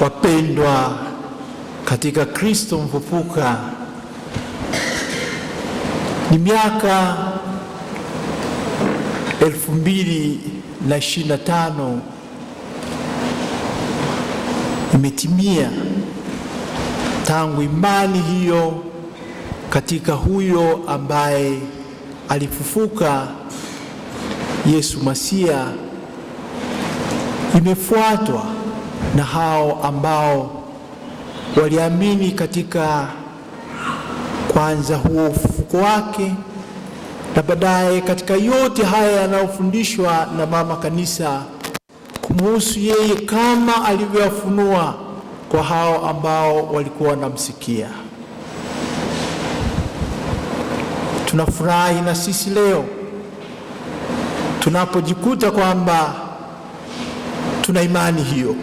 Wapendwa katika Kristo mfufuka, ni miaka elfu mbili na ishirini na tano imetimia tangu imani hiyo katika huyo ambaye alifufuka Yesu Masia imefuatwa na hao ambao waliamini katika kwanza huo ufufuko wake na baadaye katika yote haya yanayofundishwa na mama kanisa kumuhusu yeye kama alivyoyafunua kwa hao ambao walikuwa wanamsikia. Tunafurahi na sisi leo tunapojikuta kwamba tuna imani hiyo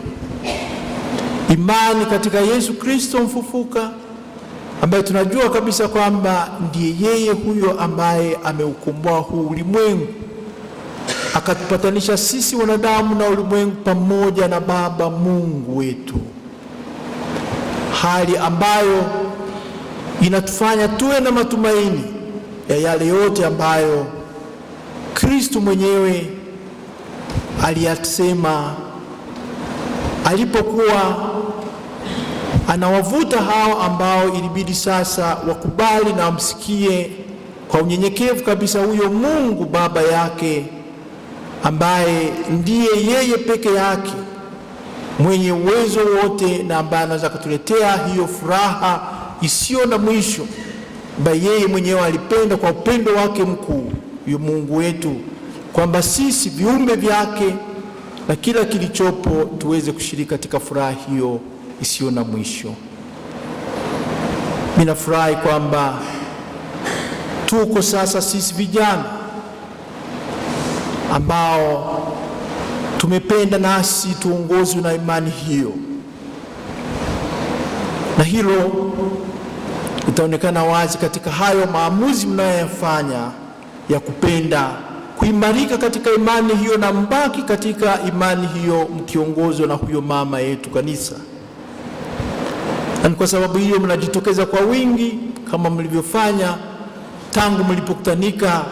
imani katika Yesu Kristo mfufuka ambaye tunajua kabisa kwamba ndiye yeye huyo ambaye ameukomboa huu ulimwengu akatupatanisha sisi wanadamu na ulimwengu pamoja na Baba Mungu wetu, hali ambayo inatufanya tuwe na matumaini ya yale yote ambayo Kristo mwenyewe aliyasema alipokuwa anawavuta hao ambao ilibidi sasa wakubali na wamsikie kwa unyenyekevu kabisa huyo Mungu Baba yake ambaye ndiye yeye peke yake mwenye uwezo wote na ambaye anaweza kutuletea hiyo furaha isiyo na mwisho, ambaye yeye mwenyewe alipenda kwa upendo wake mkuu, huyo Mungu wetu, kwamba sisi viumbe vyake na kila kilichopo tuweze kushiriki katika furaha hiyo isiyo na mwisho. Ninafurahi kwamba tuko sasa sisi vijana ambao tumependa nasi tuongozwe na imani hiyo, na hilo itaonekana wazi katika hayo maamuzi mnayoyafanya ya kupenda kuimarika katika imani hiyo na mbaki katika imani hiyo mkiongozwa na huyo mama yetu kanisa na kwa sababu hiyo mnajitokeza kwa wingi kama mlivyofanya tangu mlipokutanika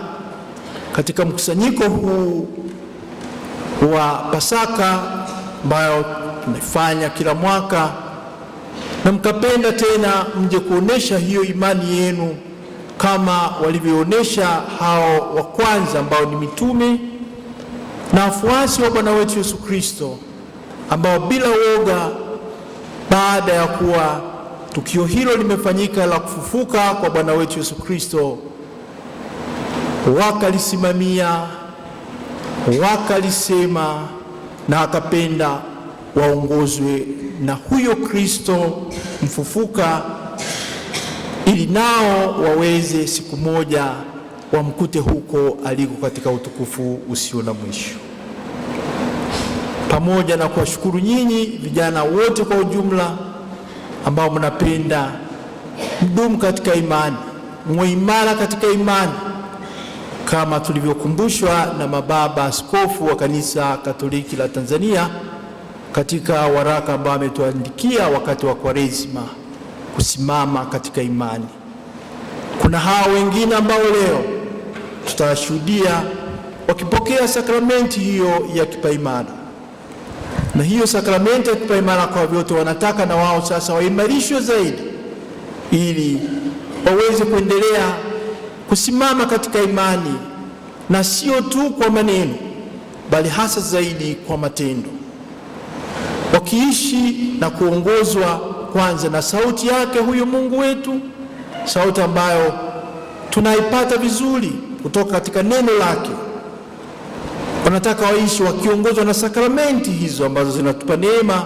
katika mkusanyiko huu wa Pasaka ambayo tumefanya kila mwaka, na mkapenda tena mje kuonesha hiyo imani yenu kama walivyoonesha hao wa kwanza ambao ni mitume na wafuasi wa Bwana wetu Yesu Kristo ambao bila woga baada ya kuwa tukio hilo limefanyika la kufufuka kwa Bwana wetu Yesu Kristo, wakalisimamia wakalisema, na akapenda waongozwe na huyo Kristo mfufuka, ili nao waweze siku moja wamkute huko aliko katika utukufu usio na mwisho pamoja na kuwashukuru nyinyi vijana wote kwa ujumla ambao mnapenda. Mdumu katika imani, mwe imara katika imani kama tulivyokumbushwa na mababa askofu wa Kanisa Katoliki la Tanzania katika waraka ambao ametuandikia wakati wa Kwaresma, kusimama katika imani. Kuna hawa wengine ambao leo tutawashuhudia wakipokea sakramenti hiyo ya kipaimara na hiyo sakramenti yatupa imara kwa vyote. Wanataka na wao sasa waimarishwe zaidi, ili waweze kuendelea kusimama katika imani, na sio tu kwa maneno, bali hasa zaidi kwa matendo, wakiishi na kuongozwa kwanza na sauti yake huyu Mungu wetu, sauti ambayo tunaipata vizuri kutoka katika neno lake wanataka waishi wakiongozwa na sakramenti hizo ambazo zinatupa neema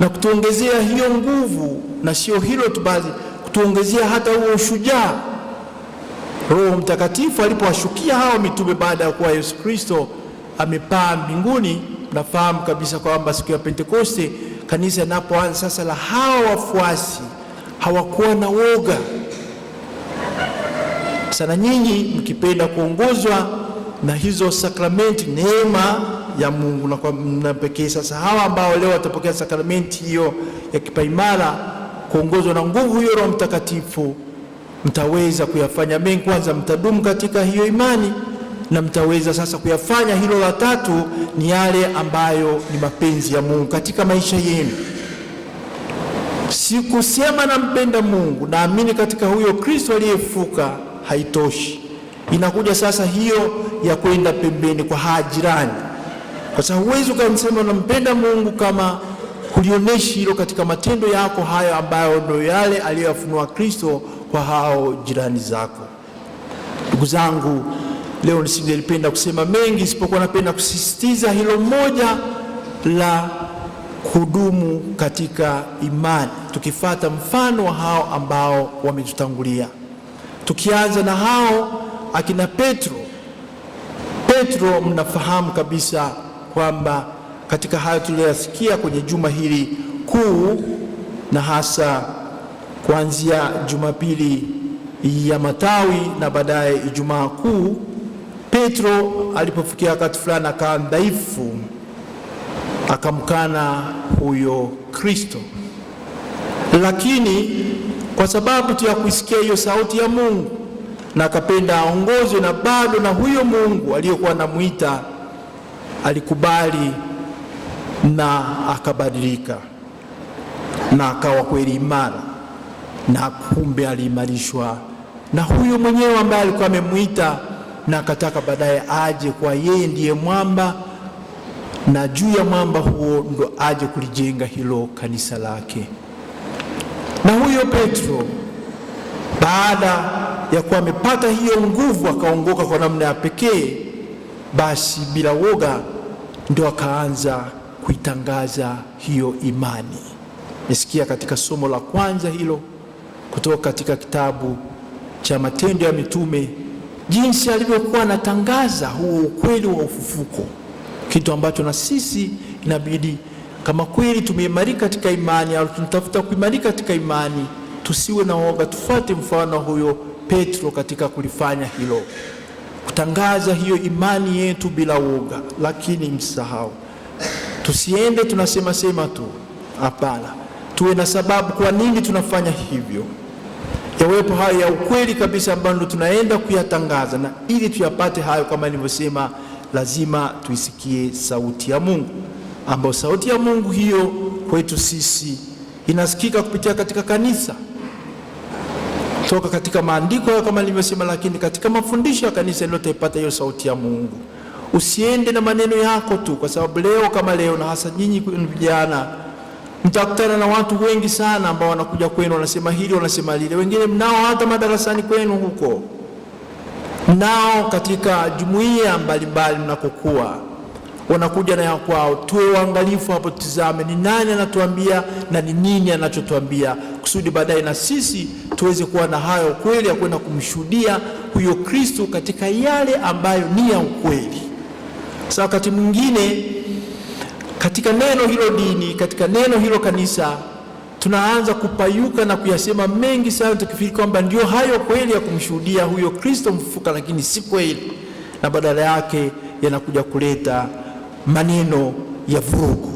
na kutuongezea hiyo nguvu, na sio hilo tu bali kutuongezea hata huo ushujaa. Roho Mtakatifu alipowashukia hawa mitume baada ya kuwa Yesu Kristo amepaa mbinguni, nafahamu kabisa kwamba siku ya Pentekoste kanisa inapoanza sasa la hawa wafuasi hawakuwa na woga sana. Nyinyi mkipenda kuongozwa na hizo sakramenti, neema ya Mungu na kwa pekee. Sasa hawa ambao leo watapokea sakramenti hiyo ya kipaimara, kuongozwa na nguvu hiyo Roho Mtakatifu, mtaweza kuyafanya mengi. Kwanza mtadumu katika hiyo imani na mtaweza sasa kuyafanya. Hilo la tatu ni yale ambayo ni mapenzi ya Mungu katika maisha yenu. Sikusema nampenda Mungu, naamini katika huyo Kristo aliyefuka haitoshi Inakuja sasa hiyo ya kwenda pembeni kwa hajirani, kwa sababu huwezi ukamsema unampenda Mungu kama hulionyeshi hilo katika matendo yako hayo, ambayo ndio yale aliyoyafunua Kristo kwa hao jirani zako. Ndugu zangu, leo nisingelipenda kusema mengi, isipokuwa napenda kusisitiza hilo moja la kudumu katika imani, tukifata mfano wa hao ambao wametutangulia, tukianza na hao akina Petro. Petro mnafahamu kabisa kwamba katika hayo tuliyoyasikia kwenye juma hili kuu, na hasa kuanzia Jumapili ya matawi na baadaye Ijumaa Kuu, Petro alipofikia wakati fulani akawa dhaifu, akamkana huyo Kristo. Lakini kwa sababu tu ya kuisikia hiyo sauti ya Mungu na akapenda aongozwe na bado na huyo Mungu aliyokuwa anamwita alikubali na akabadilika na akawa kweli imara, na kumbe aliimarishwa na huyo mwenyewe ambaye alikuwa amemwita na akataka baadaye aje kwa yeye ndiye mwamba, na juu ya mwamba huo ndo aje kulijenga hilo kanisa lake. Na huyo Petro baada ya kuwa amepata hiyo nguvu akaongoka kwa namna ya pekee, basi bila woga ndio akaanza kuitangaza hiyo imani. Nisikia katika somo la kwanza hilo kutoka katika kitabu cha Matendo ya Mitume, jinsi alivyokuwa anatangaza huo ukweli wa ufufuko, kitu ambacho na sisi inabidi kama kweli tumeimarika katika imani au tunatafuta kuimarika katika imani, tusiwe na woga, tufuate mfano huyo Petro katika kulifanya hilo, kutangaza hiyo imani yetu bila woga. Lakini msahau, tusiende tunasema sema tu, hapana, tuwe na sababu kwa nini tunafanya hivyo, yawepo hayo ya ukweli kabisa ambayo tunaenda kuyatangaza, na ili tuyapate hayo, kama nilivyosema, lazima tuisikie sauti ya Mungu, ambayo sauti ya Mungu hiyo kwetu sisi inasikika kupitia katika kanisa toka katika maandiko hayo kama nilivyosema, lakini katika mafundisho ya kanisa ndio ipata hiyo sauti ya Mungu. Usiende na maneno yako tu, kwa sababu leo kama leo, na hasa nyinyi vijana, mtakutana na watu wengi sana ambao wanakuja kwenu, wanasema hili, wanasema lile, wengine mnao hata madarasani kwenu huko, mnao katika jumuiya mbalimbali mnakokuwa wanakuja na ya kwao. Tuwe waangalifu hapo, tutizame ni nani anatuambia na ni nini anachotuambia kusudi baadaye na sisi tuweze kuwa na hayo kweli ya kwenda kumshuhudia huyo Kristo katika yale ambayo ni ya ukweli. Sasa wakati mwingine katika neno hilo dini, katika neno hilo kanisa, tunaanza kupayuka na kuyasema mengi sana, tukifikiri kwamba ndio hayo kweli ya kumshuhudia huyo Kristo mfufuka, lakini si kweli, na badala yake yanakuja kuleta maneno ya vurugu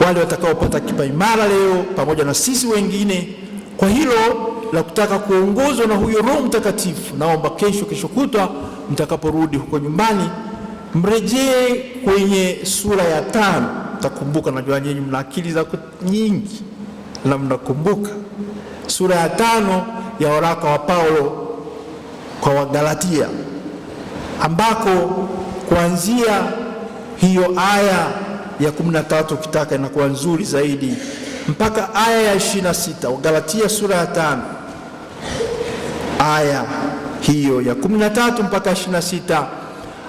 wale watakaopata kipaimara leo pamoja na sisi wengine kwa hilo la kutaka kuongozwa na huyo Roho Mtakatifu. Naomba kesho, kesho kutwa, mtakaporudi huko nyumbani, mrejee kwenye sura ya tano. Mtakumbuka, najua nyinyi mna akili za nyingi na mnakumbuka sura ya tano ya waraka wa Paulo kwa Wagalatia, ambako kuanzia hiyo aya ya 13 ukitaka inakuwa nzuri zaidi mpaka aya ya 26, galatia sura ya tano aya hiyo ya 13 mpaka 26,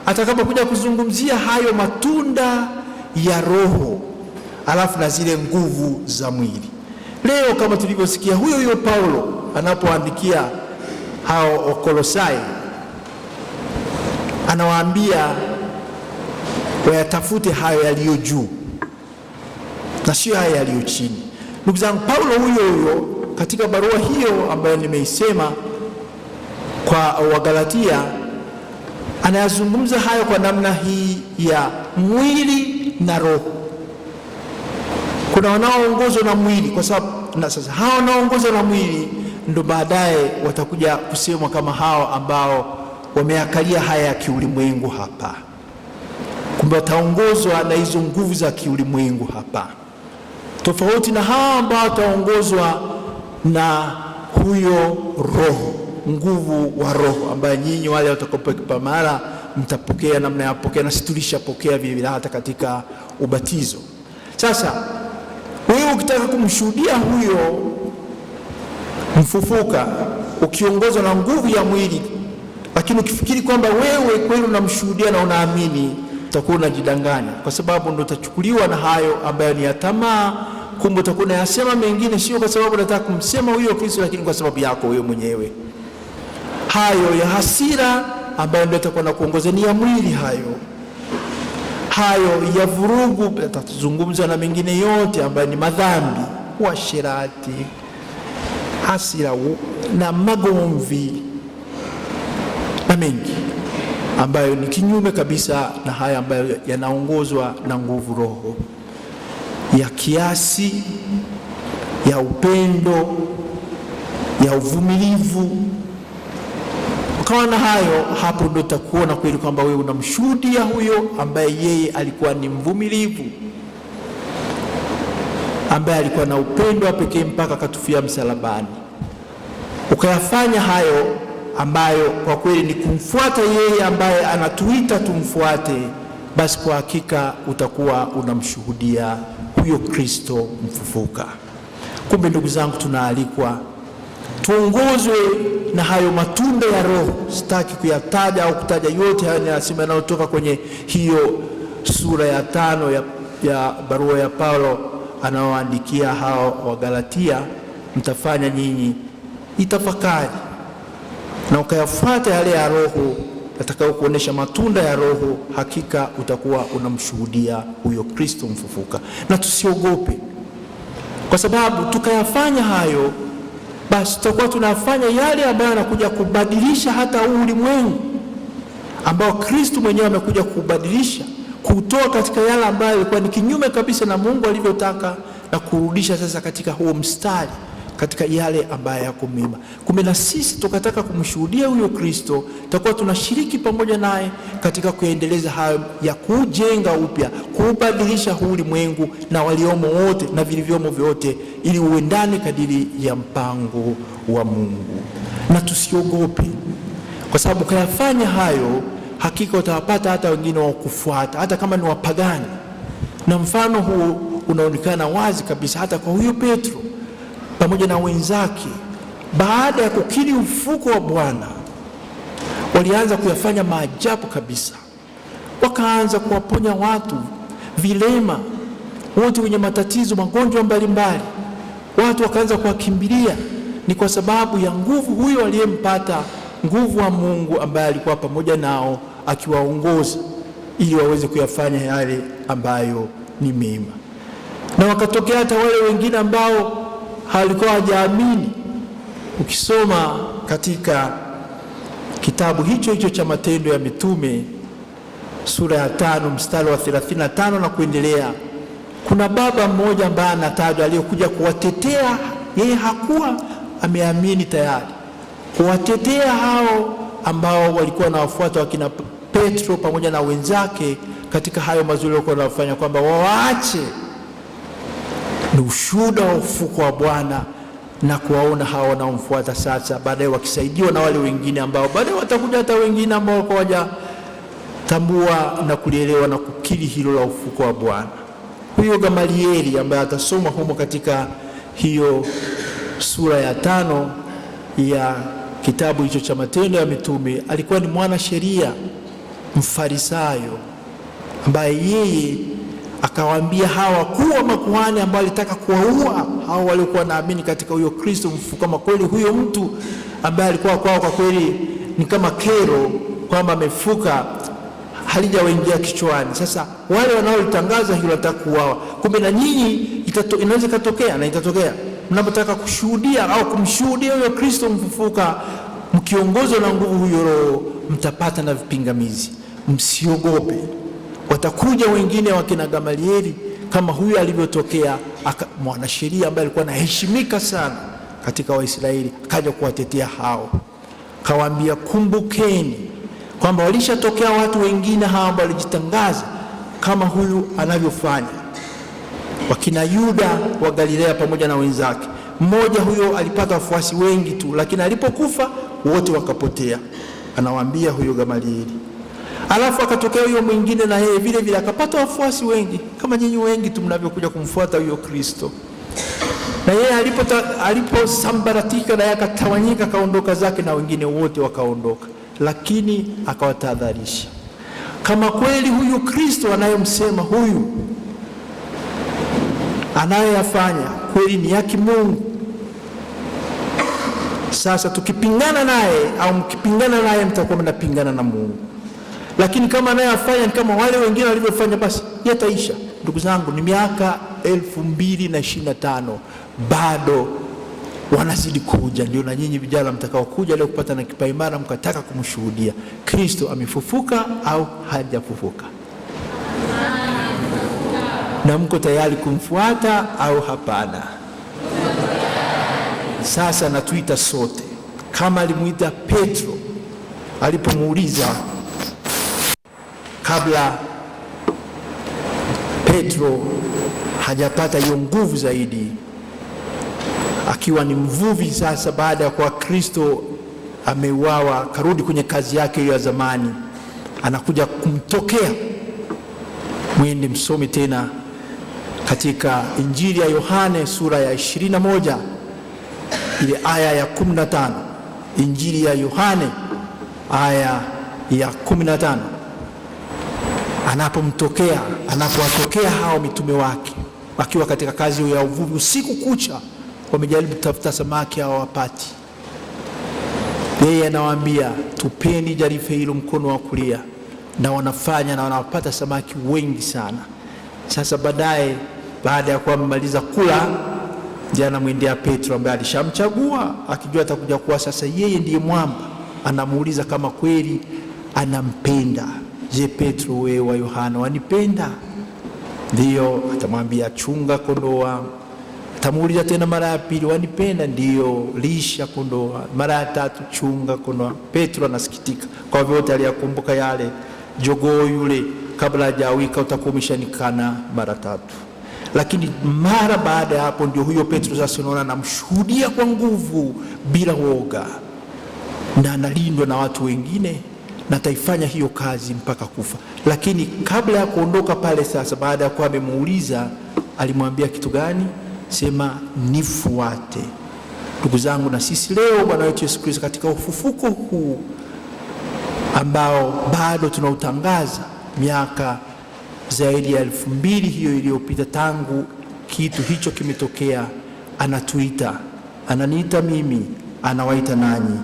atakapokuja kuzungumzia hayo matunda ya Roho alafu na zile nguvu za mwili. Leo kama tulivyosikia, huyo huyo Paulo anapoandikia hao Wakolosai anawaambia wayatafute hayo yaliyo juu na sio haya yaliyo chini. Ndugu zangu, Paulo huyo huyo katika barua hiyo ambayo nimeisema kwa Wagalatia anayazungumza hayo kwa namna hii ya mwili na roho. Kuna wanaoongozwa na mwili kwa sababu, na sasa hawa wanaoongozwa na mwili ndo baadaye watakuja kusemwa kama hao ambao wameakalia haya ya kiulimwengu hapa kwamba wataongozwa na hizo nguvu za kiulimwengu hapa, tofauti na hawa ambao wataongozwa na huyo roho, nguvu wa roho, ambaye nyinyi wale watakapokipa mara mtapokea ya pokea na sisi tulishapokea vile vile hata katika ubatizo. Sasa wewe ukitaka kumshuhudia huyo mfufuka ukiongozwa na nguvu ya mwili, lakini ukifikiri kwamba wewe kweli unamshuhudia na unaamini utakuwa unajidanganya, kwa sababu ndo utachukuliwa na hayo ambayo ni ya tamaa. Kumbe utakuwa unayasema mengine, sio kwa sababu unataka kumsema huyo Kristo, lakini kwa sababu yako wewe mwenyewe. Hayo ya hasira ambayo ndio itakuwa na kuongoza ni ya mwili hayo hayo ya vurugu tatuzungumza na mengine yote ambayo ni madhambi, uasherati, hasira na magomvi na mengi ambayo ni kinyume kabisa na haya ambayo yanaongozwa na nguvu roho ya kiasi, ya upendo, ya uvumilivu. Ukawa na hayo, hapo ndo utakuona kweli kwamba wewe unamshuhudia huyo ambaye yeye alikuwa ni mvumilivu, ambaye alikuwa na upendo wa pekee mpaka akatufia msalabani. Ukayafanya hayo ambayo kwa kweli ni kumfuata yeye ambaye anatuita tumfuate, basi kwa hakika utakuwa unamshuhudia huyo Kristo mfufuka. Kumbe ndugu zangu, tunaalikwa tuongozwe na hayo matunda ya Roho. Sitaki kuyataja au kutaja yote hayo, ninasema yanayotoka kwenye hiyo sura ya tano ya, ya barua ya Paulo anaoandikia hao wa Galatia, mtafanya nyinyi itafakari na ukayafuata yale ya Roho yatakayokuonesha matunda ya Roho, hakika utakuwa unamshuhudia huyo Kristo mfufuka. Na tusiogope, kwa sababu tukayafanya hayo, basi tutakuwa tunafanya yale ambayo yanakuja kubadilisha hata huu ulimwengu ambao Kristo mwenyewe amekuja kubadilisha, kutoa katika yale ambayo ilikuwa ni kinyume kabisa na Mungu alivyotaka na kurudisha sasa katika huo mstari katika yale ambayo yako mema. Kumbe na sisi tukataka kumshuhudia huyo Kristo, tutakuwa tunashiriki pamoja naye katika kuendeleza hayo ya kujenga upya, kuubadilisha huu ulimwengu na waliomo wote na vilivyomo vyote, ili uendane kadiri ya mpango wa Mungu, na tusiogope, kwa sababu kayafanya hayo, hakika utawapata hata wengine wa kufuata, hata kama ni wapagani. Na mfano huu unaonekana wazi kabisa hata kwa huyo Petro pamoja na wenzake, baada ya kukiri ufuko wa Bwana, walianza kuyafanya maajabu kabisa. Wakaanza kuwaponya watu, vilema wote, wenye matatizo, magonjwa mbalimbali. Watu wakaanza kuwakimbilia, ni kwa sababu ya nguvu huyo aliyempata, nguvu wa Mungu ambaye alikuwa pamoja nao akiwaongoza ili waweze kuyafanya yale ambayo ni mema. Na wakatokea hata wale wengine ambao halikuwa hajaamini. Ukisoma katika kitabu hicho hicho cha Matendo ya Mitume sura ya tano mstari wa 35 na kuendelea, kuna baba mmoja ambaye anatajwa aliyokuja kuwatetea. Yeye hakuwa ameamini tayari, kuwatetea hao ambao walikuwa na wafuata wakina Petro pamoja na wenzake katika hayo mazuri walikuwa wanafanya, kwamba wawaache ni ushuhuda wa ufuko wa Bwana na kuwaona hawa wanaomfuata sasa, baadaye wakisaidiwa na wale wengine ambao baadaye watakuja, hata wengine ambao hawajatambua na kulielewa na kukiri hilo la ufuko wa Bwana. Huyo Gamalieli ambaye atasomwa humo katika hiyo sura ya tano ya kitabu hicho cha Matendo ya Mitume alikuwa ni mwana sheria Mfarisayo ambaye yeye akawaambia hawa kuwa makuhani ambao alitaka kuwaua hao waliokuwa naamini katika huyo Kristo mfu, kama kweli huyo mtu ambaye alikuwa kwao kwa kweli ni kama kero kwamba amefuka halijawaingia kichwani. Sasa wale wanaolitangaza hilo wataka kuuawa, kumbe na nyinyi inaweza ikatokea na itatokea mnapotaka kushuhudia au kumshuhudia huyo Kristo mfufuka, mkiongozwa na nguvu huyo Roho mtapata na vipingamizi, msiogope. Watakuja wengine wakina Gamalieli kama huyu alivyotokea mwanasheria ambaye alikuwa anaheshimika sana katika Waisraeli, akaja kuwatetea hao, kawaambia kumbukeni kwamba walishatokea watu wengine hawa ambao walijitangaza kama huyu anavyofanya, wakina Yuda wa Galilea pamoja na wenzake. Mmoja huyo alipata wafuasi wengi tu, lakini alipokufa wote wakapotea. Anawaambia huyo Gamalieli alafu akatokea huyo mwingine na yeye vile vile akapata wafuasi wengi kama nyinyi wengi tu mnavyokuja kumfuata huyo Kristo. Na yeye aliposambaratika, naye akatawanyika, akaondoka zake, na wengine wote wakaondoka, lakini akawatahadharisha, kama kweli huyu Kristo anayemsema huyu anayeyafanya kweli ni ya kimungu sasa tukipingana naye au mkipingana naye, mtakuwa mnapingana na Mungu lakini kama naye ni kama wale wengine walivyofanya, basi yataisha. Ndugu zangu, ni miaka elfu mbili na ishirini na tano bado wanazidi kuja. Ndio na nyinyi vijana mtakao kuja leo kupata na kipaimara, mkataka kumshuhudia Kristo amefufuka au hajafufuka, na mko tayari kumfuata au hapana? Sasa natuita sote, kama alimwita Petro alipomuuliza kabla Petro hajapata hiyo nguvu zaidi, akiwa ni mvuvi sasa, baada ya kuwa Kristo ameuawa, akarudi kwenye kazi yake hiyo ya zamani, anakuja kumtokea Mwende Msome tena katika Injili ya Yohane sura ya 21 ile aya ya 15, Injili ya Yohane aya ya 15 anapomtokea anapowatokea hao mitume wake wakiwa katika kazi ya uvuvi usiku kucha, wamejaribu kutafuta samaki hao wapati, yeye anawaambia tupeni jarife hilo mkono wa kulia, na wanafanya na wanapata samaki wengi sana. Sasa baadaye, baada ya kuwa kula, ndiye anamwendea Petro ambaye alishamchagua akijua atakuja kuwa sasa yeye ndiye mwamba, anamuuliza kama kweli anampenda Je, Petro we wa Yohana wanipenda? Ndiyo. Atamwambia chunga kondoo wangu. Atamuuliza tena mara ya pili, wanipenda? Ndiyo. Lisha kondoo. Mara ya tatu, chunga kondoo. Petro anasikitika kwa vyote aliyakumbuka yale. Jogoo yule kabla hajawika utakuwa umeshanikana mara tatu. Lakini mara baada ya hapo, ndio huyo Petro sasa, unaona anamshuhudia kwa nguvu bila woga, na analindwa na watu wengine na taifanya hiyo kazi mpaka kufa. Lakini kabla ya kuondoka pale, sasa baada ya kuwa amemuuliza, alimwambia kitu gani? Sema nifuate. Ndugu zangu, na sisi leo Bwana wetu Yesu Kristo katika ufufuko huu ambao bado tunautangaza miaka zaidi ya elfu mbili hiyo iliyopita tangu kitu hicho kimetokea, anatuita, ananiita mimi, anawaita nanyi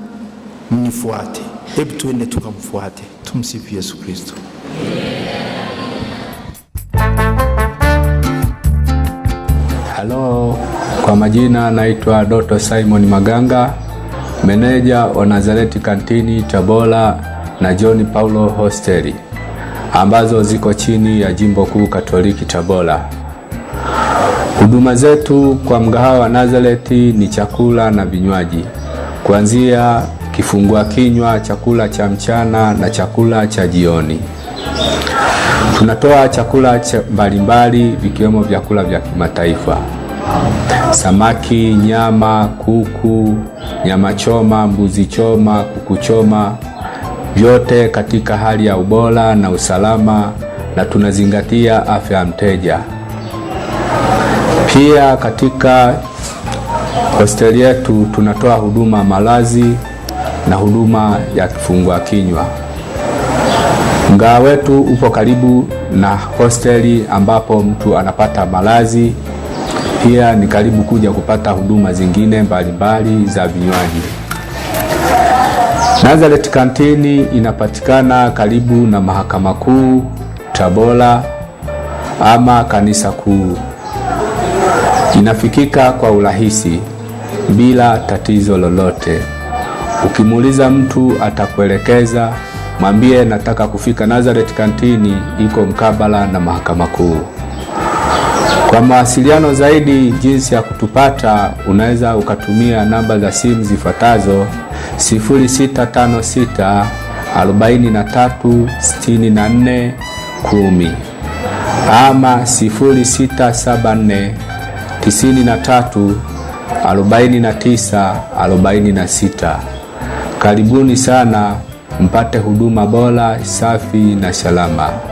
mnifuate. Hebu tuende tukamfuate. Tumsifu Yesu Kristo. Halo, kwa majina naitwa Doto Simon Maganga, meneja wa Nazareti Kantini Tabora na John Paulo Hosteli ambazo ziko chini ya Jimbo Kuu Katoliki Tabora. Huduma zetu kwa mgahawa wa Nazareti ni chakula na vinywaji kuanzia kifungua kinywa, chakula cha mchana na chakula cha jioni. Tunatoa chakula cha mbalimbali vikiwemo vyakula vya kimataifa: samaki, nyama, kuku, nyama choma, mbuzi choma, kuku choma, vyote katika hali ya ubora na usalama, na tunazingatia afya ya mteja. Pia katika hosteli yetu tunatoa huduma malazi na huduma ya kifungua kinywa. Mgahawa wetu upo karibu na hosteli ambapo mtu anapata malazi, pia ni karibu kuja kupata huduma zingine mbalimbali za vinywaji. Nazareth Kantini inapatikana karibu na Mahakama Kuu, Tabora ama Kanisa Kuu. Inafikika kwa urahisi bila tatizo lolote. Ukimuuliza mtu atakuelekeza, mwambie nataka kufika Nazareth Kantini, iko mkabala na mahakama kuu. Kwa mawasiliano zaidi, jinsi ya kutupata, unaweza ukatumia namba za simu zifuatazo: 0656 43 64 10 ama 0674 93 49 46. Karibuni sana mpate huduma bora, safi na salama.